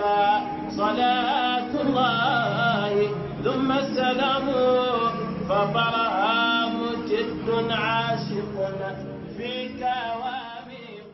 عليك صلاة الله ثم السلام فطرها مجد عاشق فيك واميق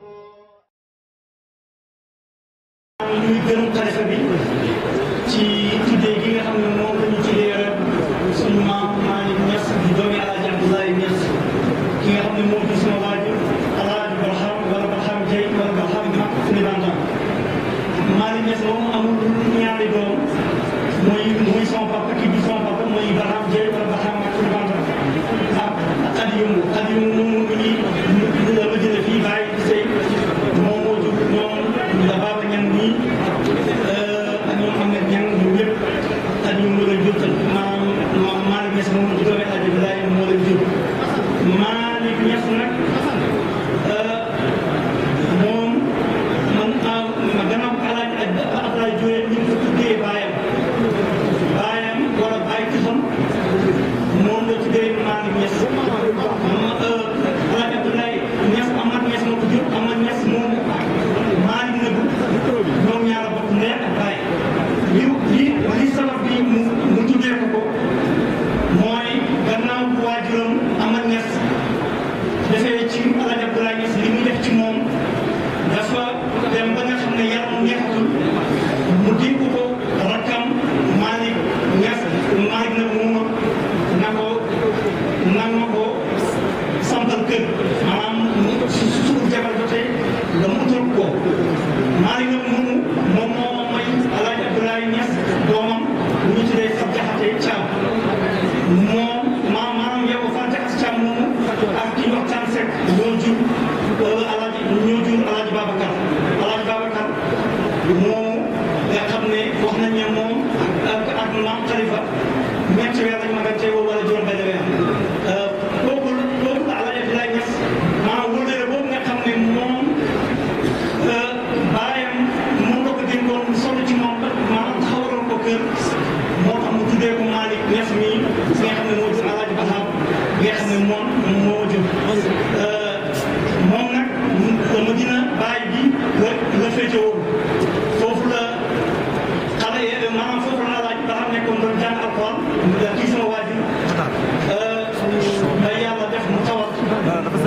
kii sama waajur ba yàlla def mu tawat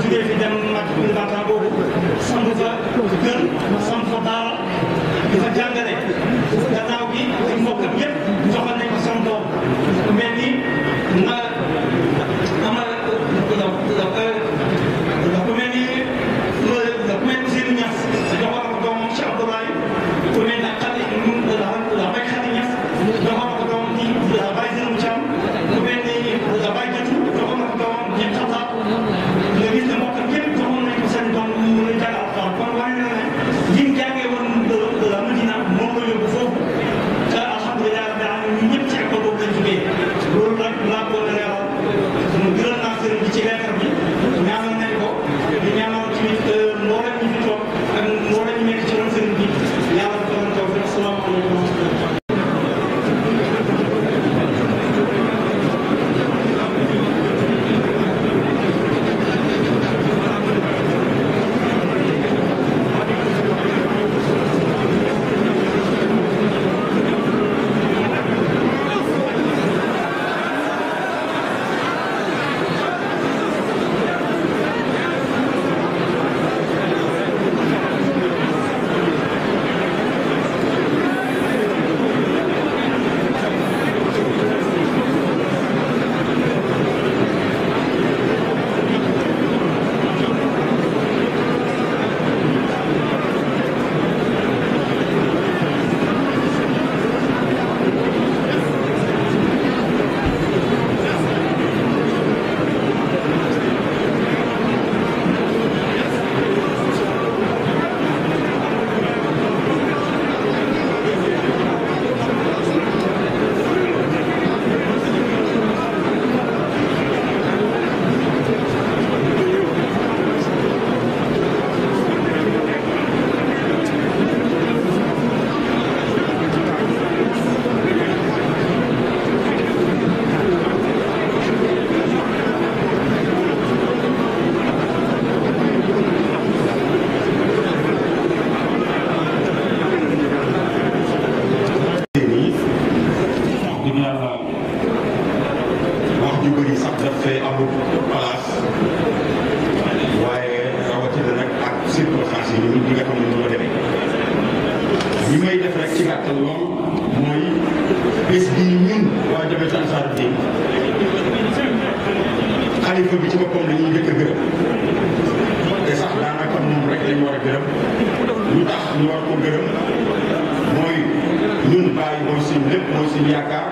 jugee fi dem màcc bu ndaataa boobu samp fa kër samp fa daara di fa jàngale gannaaw gi ci mbokkam yëpp joxal nañ ko sama doom mel ni na ama activité daf lay amul place waaye rawatina nag ak circonstance yi ñi nga xam ne ñu ma demee may def rek ci gàttal lool mooy bés bi ñun waa Jabétu Ansaaru-Diin xalifa bi ci rek lañu war a gërëm lu tax ñu war ko gërëm mooy ñun bàyyi mooy suñu lépp mooy suñu yaakaar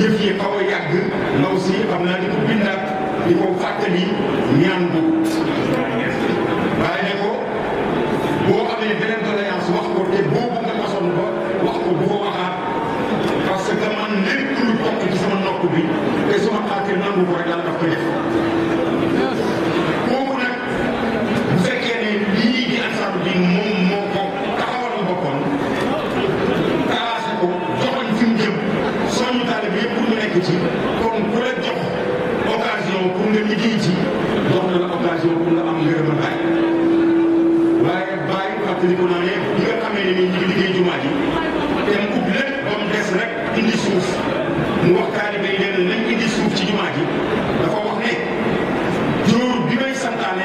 yëf yi xaw a yàgg ndaw si xam naa di ko bindaat di ko fàttali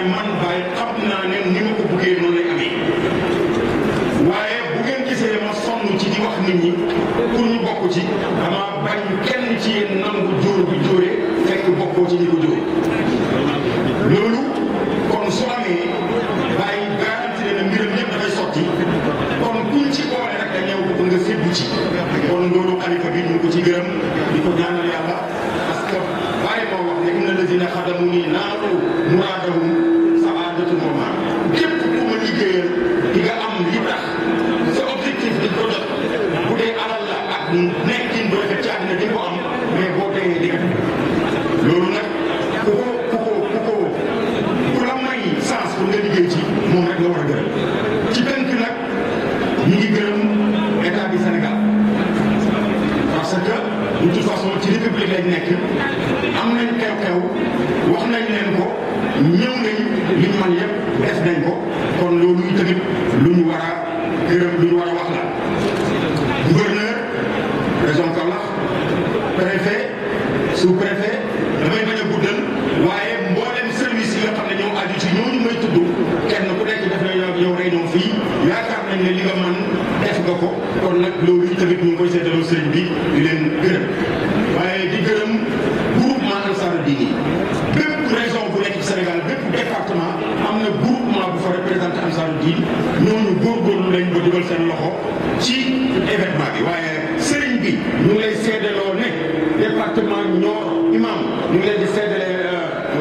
ne man Baye xam ko buggee waaye bu ngeen gisee ma ci di wax nit ñi pour ñu bokk ci dama bañ kenn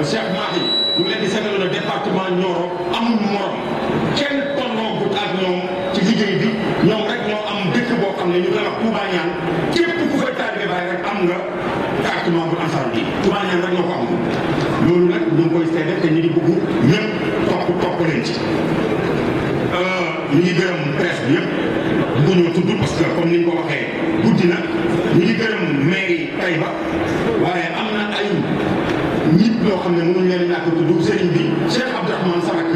Cheikh Mahi ñu ngi leen di seetlu le département Nioro amul morom kenn tolloogut ak ñoom ci liggéey bi ñoom rek ñoo am dëkk boo xam ne ñu koy wax Touba képp ku fay taalibe Baay rek am nga carte membre Ansaaru Diin Touba rek ñoo ko am loolu nag ñu ngi koy seede te ñu ngi bëgg ñëpp topp topp leen ci euh, ñu ngi gërëm presse bi yëpp bëgguñoo tudd parce que ni ko waxee guddi na ñu ngi gërëm mairie Taïba ñoo xam ne mënuñ leen ñàkk tudd sëriñ bi Cheikh Abdourahmane Sarak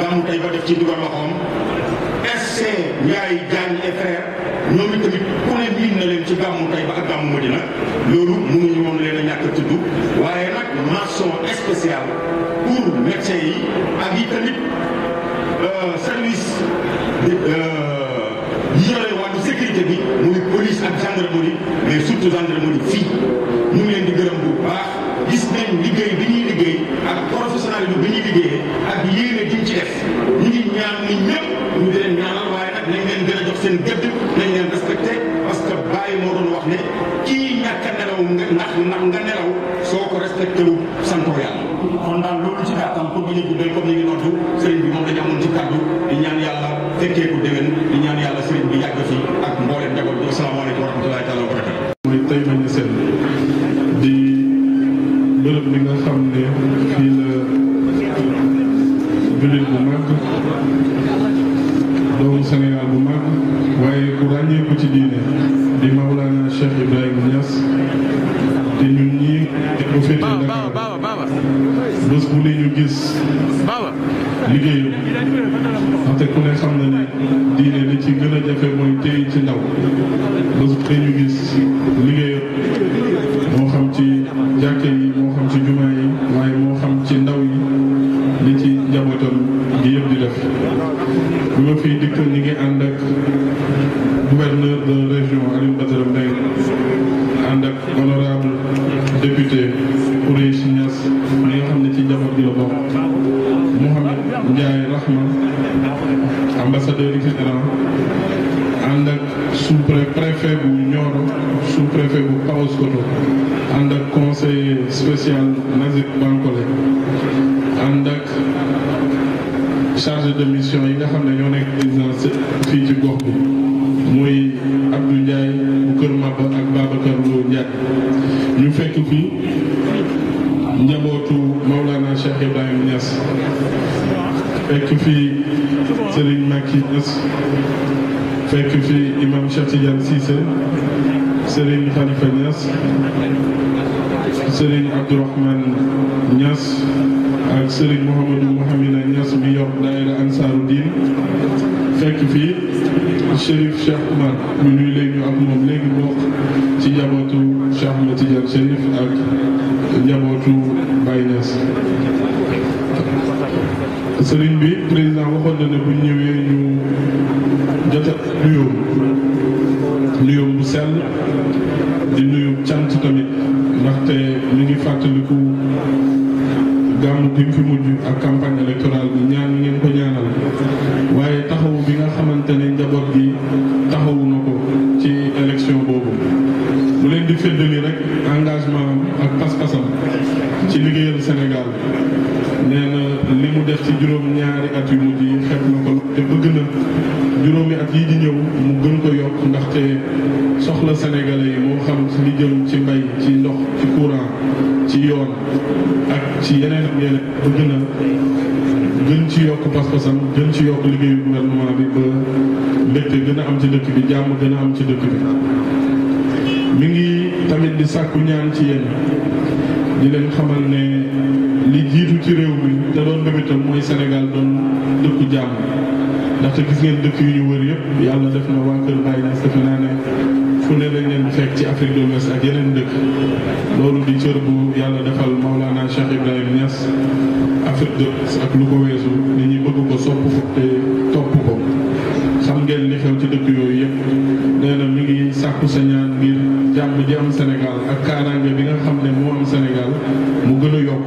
gàmmu tey ba def ci dugal loxoom SC Ndiaye Diagne et frère ñoom tamit ku ne miin na leen ci gàmmu ba ak gàmmu Madina loolu mënuñu woon leen a ñàkk a waaye nag mention spéciale pour médecins yi ak yi tamit euh, service euh, yi yore wàllu sécurité bi muy police ak gendarmerie mais surtout gendarmerie. ndax na nga nelaw soo ko respecté wu santoo yàlla kon daal loolu ci gàttal pour bañ a guddal comme ni ngi noddu sëriñ bi moom dañu amoon ci kàddu di ñaan yàlla fekkee ko déwén di ñaan yàlla sëriñ bi yàgg fi ak mboolem njaboot bi asalaamaaleykum wa rahmatulah gouverneur de Abdourahmane Niass ak Serigne Mouhamadou Mouhamina Niass mi yor daayira Ansaaru Diin fekk fii Chérif Cheikh Oumar ñu nuyu léegi ñu ak moom léegi. te bëgg na juróomi at yii di ñëw mu gën ko yokk ndaxte soxla sénégalais yi moo xam ci li ci mbay ci ndox ci courant ci yoon ak ci yeneen ak yeneen bëgg na gën ci yokk pas gën ci yokk liggéeyu gouvernement bi ba mbégte gën a am ci dëkk bi jàmm gën a am ci dëkk bi mi ngi tamit di sàkku ñaan ci yéen di leen xamal ne li jiitu ci réew mi te doon mébétam mooy Sénégal doon dëkku jàmm ndaxte gis ngeen dëkk yu ñu wër yëpp yàlla def na waa Kër Baye Niass defe naa ne fu ne lañ leen fekk ci Afrique de l'Ouest ak yeneen dëkk loolu di cër bu yàlla defal Maulana Cheikh Ibrahim Niass Afrique de l'Ouest ak lu ko weesu jàmm ji am Sénégal ak kaaraange bi nga xam ne moo am Sénégal mu gën a yokk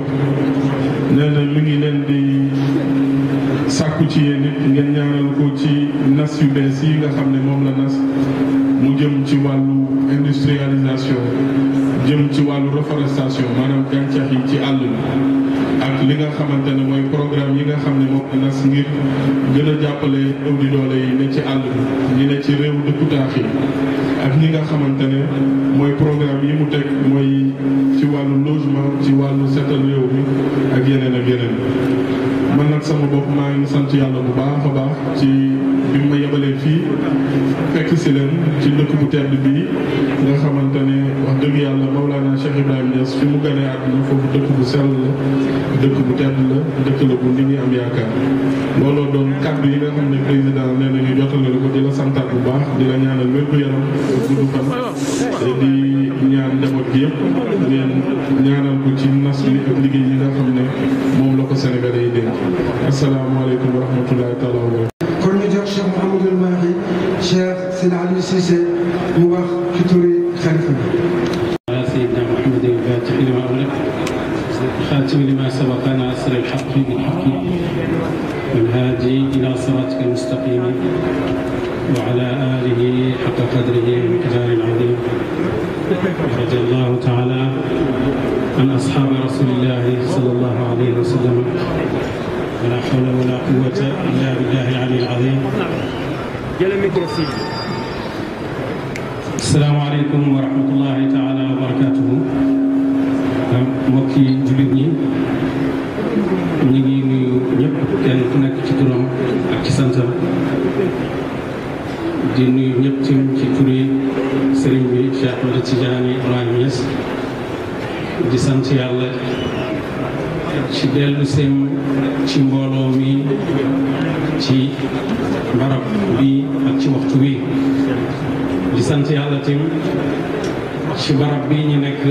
nee na mi ngi leen di sàkku ci yéen it ngeen ñaanal ko ci nas yu bees yi nga xam ne moom la nas mu jëm ci wàllu industrialisation jëm ci wàllu reforestation maanaam gàncax yi ci àll bi li nga xamante ne mooy programme yi nga xam ne moom la nas ngir gën a jàppale néew di doole yi ne ci àll bi ñi ne ci réew dëkku taax yi ak ñi nga xamante ne mooy programme yi mu teg mooy ci wàllu logement ci wàllu setal réew mi ak yeneen ak yeneen man nag sama bopp maa ngi sant yàlla bu baax a baax ci bi ma yebalee fii fekk si leen ci dëkk bu tedd bi fàttaliku li ñuy am doon kàddu yi nga xam ne président nee nañu jotale ko di la santaat bu baax di la ñaanal wér-gu-yaram gudd fan di ñaan njaboot gi yëpp ngeen ñaanal ko ci nas bi ak liggéey yi nga xam ne moom la ko Sénégalais yi dénk asalaamaaleykum asalaamaaleykum wa rahmatullahi taala wa barakatuhu mbokki jullit ñi ñu ngi nuyu ñëpp kenn ku nekk ci turam ak ci santam di nuyu ñëpp tim ci turi sëriñ bi Cheikh Ahmad Tidiane Ibrahima Niass di sant yàlla ci dellu seem ci mbooloo mi ci barab bi sant yàlla tim ci barab bi ñu nekk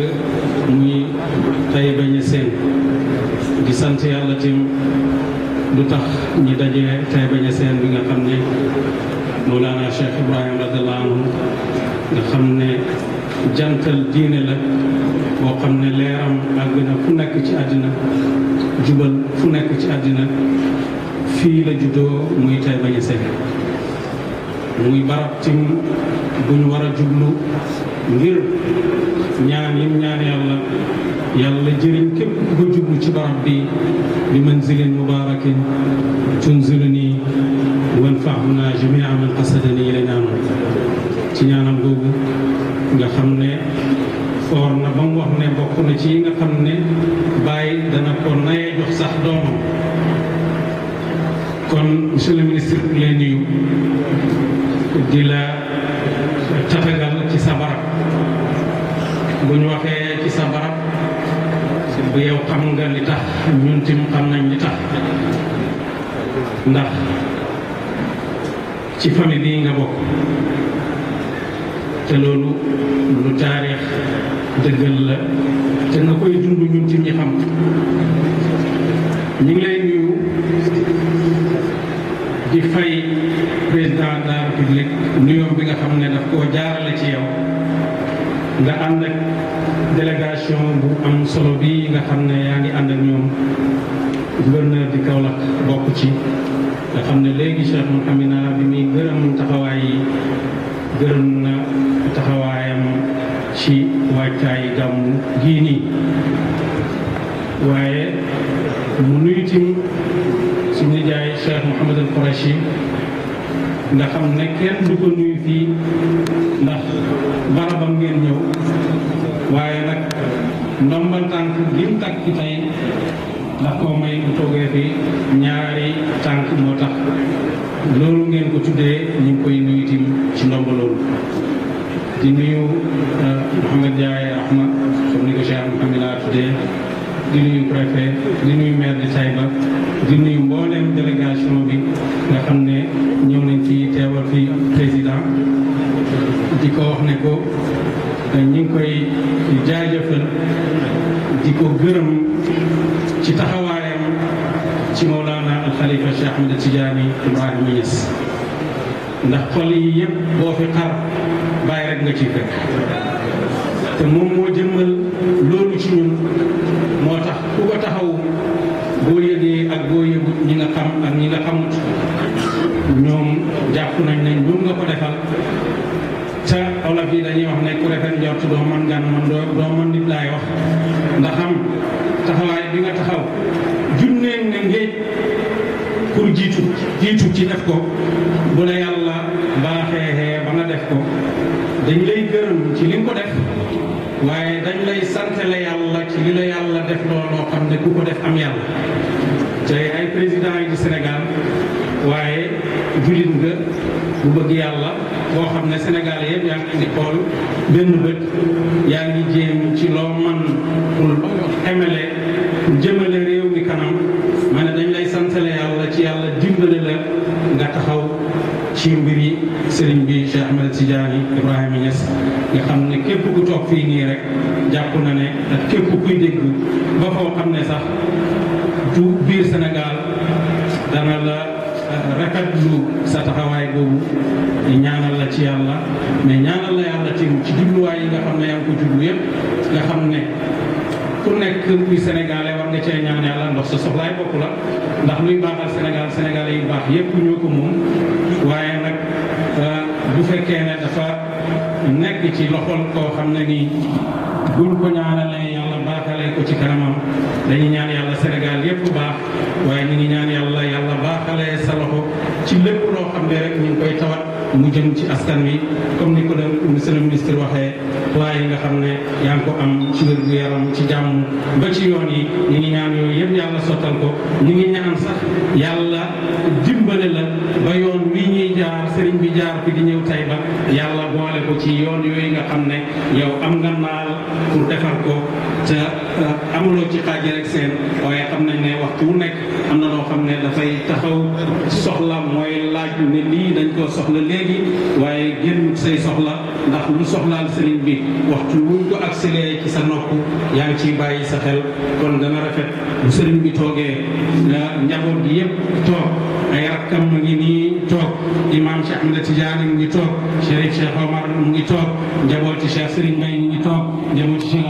muy Taïba Niassène di yàlla tim lu tax ñi daje Taïba Niassène bi nga xam ne Mawlana Cheikh Ibrahim radiyallahu anhu nga xam ne jantal diine la boo xam ne leeram àgg na fu nekk ci àddina jubal fu nekk ci àddina fii la juddoo muy Taïba Niassène muy barab ci bu ñu war a jublu ngir ñaan yim ñaan yàlla yàlla jëriñ képp ku ko jublu ci barab bi bi manzilin mubarakin ci famille bii nga bokk te loolu lu taarix dëggal la te nga koy dund ñun ci ñi xam ñu ngi lay nuyu di fay président de la république bi nga xam ne daf koo jaarale ci yow nga ànd ak délégation bu am solo bi nga xam ne yaa ngi ànd ak ñoom gouverneur di Kaolack bokk ci nga xam ne léegi Cheikh Mouhamed bi muy gërëm taxawaay yi gërëm na taxawaayam ci waajtaayu gàmmu gii nii waaye mu nuyu tamit suñu nijaay Cheikh Mouhamed al Qurashi nga ne kenn du ko nuyu fii ndax barabam ngeen ñëw waaye nag ndombal tànk gi ndax koo may bu toogee fi ñaari tànk moo tax loolu ngeen ko tuddee ñu ngi koy nuyu ci ndomba di nuyu euh, Mouhamed Ndiaye Rahma comme ni ko Cheikh Mouhamed laa di nuyu préfet di nuyu maire de Taïba di nuyu ndax xol yi yëpp boo fi xar bàyyi rek nga ci fekk te moom moo jëmmal loolu ci ñun moo tax ku ko taxaw boo yëgee ak boo yëgut ñi nga xam ak ñi nga xamut ñoom jàpp nañ ne ñoom nga ko defal ca olof yi dañuy wax ne ku rafet njort doo man gan nit laay wax ndax am taxawaay bi nga taxaw junneen ne ngéej pour jiitu jiitu ci def ko bu la ku ko def am yàlla te ay président yi di Sénégal waaye jullit nga bu bëgg yàlla boo xam ne Sénégal yëpp yaa ngi di xool benn bët yaa ngi jéem ci loo man pour emele jëmale réew mi kanam ma dañ lay santale yàlla ci yàlla dimbale la nga taxaw ci mbir yi Ibrahima Niass nga xam ne képp ku toog fii nii rek jàpp na ne ak képp kuy dégg ba foo xam ne sax du biir Sénégal dana la euh, rafetlu sa taxawaay boobu ñaanal la ci yàlla mais ñaanal la yàlla ci ci jubluwaay yi nga xam ne yaa ngi ko jublu yëpp nekk kuy war nga cee ñaan yàlla ndox sa soxlaay bopp la ndax luy baaxal Sénégal sénégalais yu baax yëpp ñoo ko moom waaye nag bu fekkee ne dafa nekk ci loxol koo xam ne nii buñ ko ñaanalee yàlla baaxalee ci kanamam dañu ñaan yàlla Sénégal yépp baax waaye ñu ñaan yàlla yàlla baaxalee sa loxo ci lépp loo xam ne rek ñu ngi koy tawat mu jëm ci askan wi comme ni ko la monsieur le ministre waxee plan yi nga xam ne yaa ngi ko am ci wér gu ci jàmm ci yoon yi ñu ngi ñaan yooyu yëpp sottal ko ñu ngi ñaan sax yàlla sëriñ bi jaar fi di ñëw tay yàlla boole ko ci yoon yooyu nga xam ne yow am nga naal pour defar ko te euh, amuloo ci xaaj rek seen waxtu wu nekk am na loo xam ne dafay taxaw soxla mooy laaj ne lii dañ koo soxla léegi waaye génn say soxla ndax lu soxlaal sëriñ bi waxtu wuñ ko accéléré ci sa nopp yaa ngi ciy bàyyi sa xel kon dana rafet bu sëriñ bi toogee njaboot gi yëpp toog ay rakkam mu ngi nii toog imam Cheikh Ahmed Tidiane mu ngi toog Cheikh Cheikh Omar mu ngi toog njabooti Cheikh Sëriñ Bay mu ngi toog njabooti Cheikh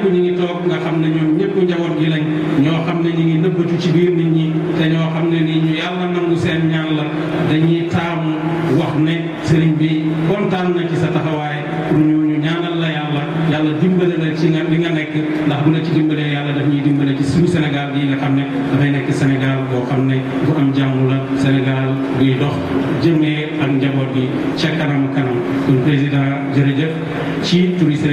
ñëpp ñu ngi toog nga xam ne ñoom ñëpp njaboot gi lañ ñoo xam ne ñu ngi nëbbatu ci biir nit ñi te ñoo xam ne nii ñu yàlla nangu seen ñaan la dañuy taamu wax ne sëriñ bi kontaan na ci sa taxawaay pour ñu ñaanal la yàlla yàlla dimbale la ci nga li nga nekk ndax bu la ci dimbalee yàlla daf ñuy dimbale ci suñu Sénégal gii nga xam ne dafay nekk Sénégal boo xam ne bu am jàmm la Sénégal buy dox jëmee ak njaboot bi ca kanam kanam kon président jërëjëf ci touriste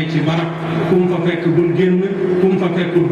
demee ci barab ku mu fa fekk bul génn ku mu fa fekkul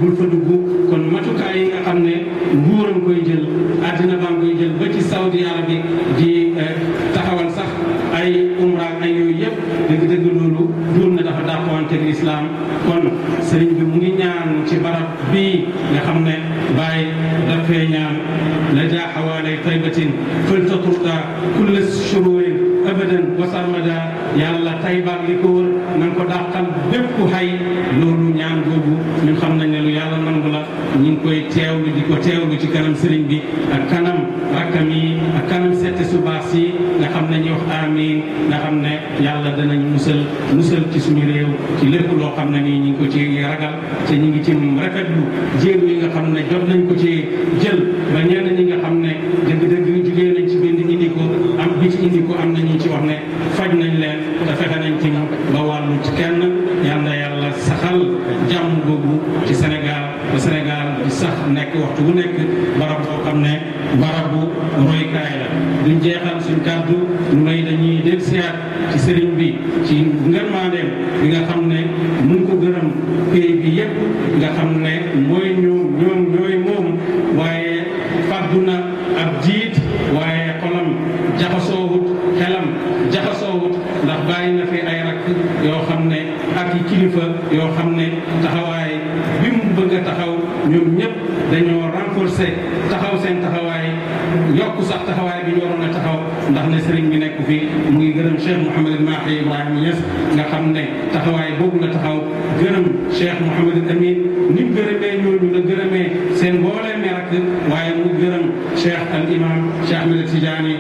Seydi Mahi Ibrahima Niass nga xam ne taxawaay boobu la taxaw gërëm Cheikh Mouhamadul Amin ni mu gërëmee ñooñu seen mbooleem mi rakk mu gërëm Cheikh al imam Cheikh Ahmed Tidiane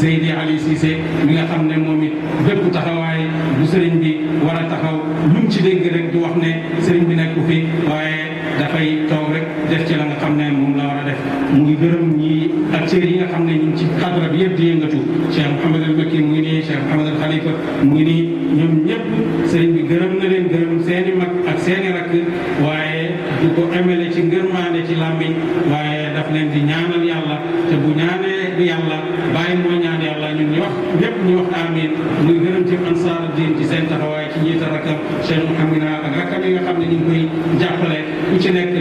Seydi Ali Cissé mi xam ne moom it bépp taxawaay bu sëriñ bi war taxaw lu ci dégg rek du wax ne sëriñ bi nekk fi waaye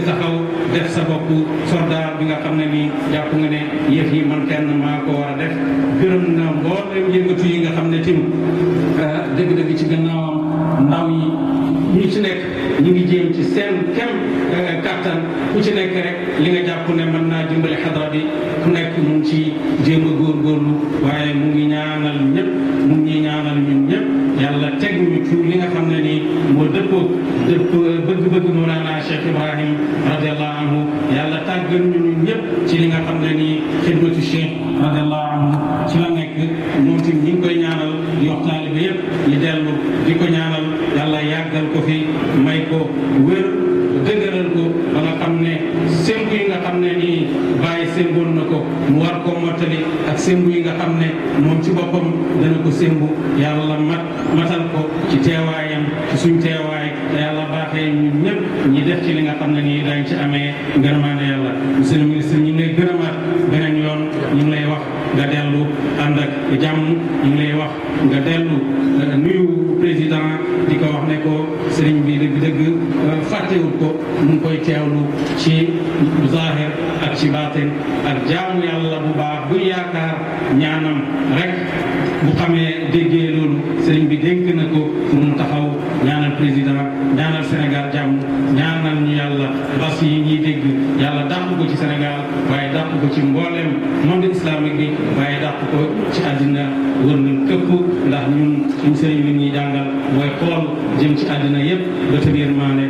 nga taxaw def sa bopp soldat bi nga xam ne nii jàpp nga ne yëf yi man kenn maa ko a def gërëm na mboolem yëngatu yi nga xam ne tim ah, dëgg-dëgg ci gannaawam ndaw yi ñu ci nekk ñu ngi jéem ci seen kem eh, kàttan ku ci nekk rek li nga jàpp ne mën naa dimbali xadra bi ku nekk mu ngi ci góor góor lu waaye mu ngi ñaanal ñëpp mu ngi ñaanal ñun ñëpp yàlla teg ñu ci li nga xam ne nii moo dëppoo dëppoo bëgg Mawlana Cheikh Ibrahim radiallahu anhu yàlla tàggal ñu ñun ñëpp ci li nga xam ne nii xidmatu Cheikh radiallahu anhu ci la nekk moom tim ñu koy ñaanal yox taalibe yëpp ñu dellu di ko ñaanal yàlla yàggal ko fi may ko wér dëgëral ko ba nga xam ne sémbu yi nga xam ne nii bàyyi sémboon na ko mu war ko mottali ak sémbu yi nga xam ne moom ci boppam dana ko sémbu yàlla mat matal ko ci teewaayam ci suñ teewaay def ci li nga xam ne nii daañu ci amee ngërëmaande yàlla monsieur le ministre ñu ngi lay gërëmaat beneen yoon ñu lay wax nga dellu ak jàmm ñu lay wax nga dellu euh, nuyu président di ko wax ne ko sëriñ bi dëgg-dëgg euh, fàttewul ko mu ngi koy teewlu ci zahir ak ci baatin ak jaamu yàlla bu baax bu yaakaar ñaanam rek bu xamee déggee loolu sëriñ bi dénk na ko Sénégal waaye dàq ko ci mbooleem monde islamique bi waaye dàq ko ci àddina wër nañ këpp ndax ñun liñ sëriñ li ñuy jàngal mooy xool jëm ci àddina yépp ba tëgéer maane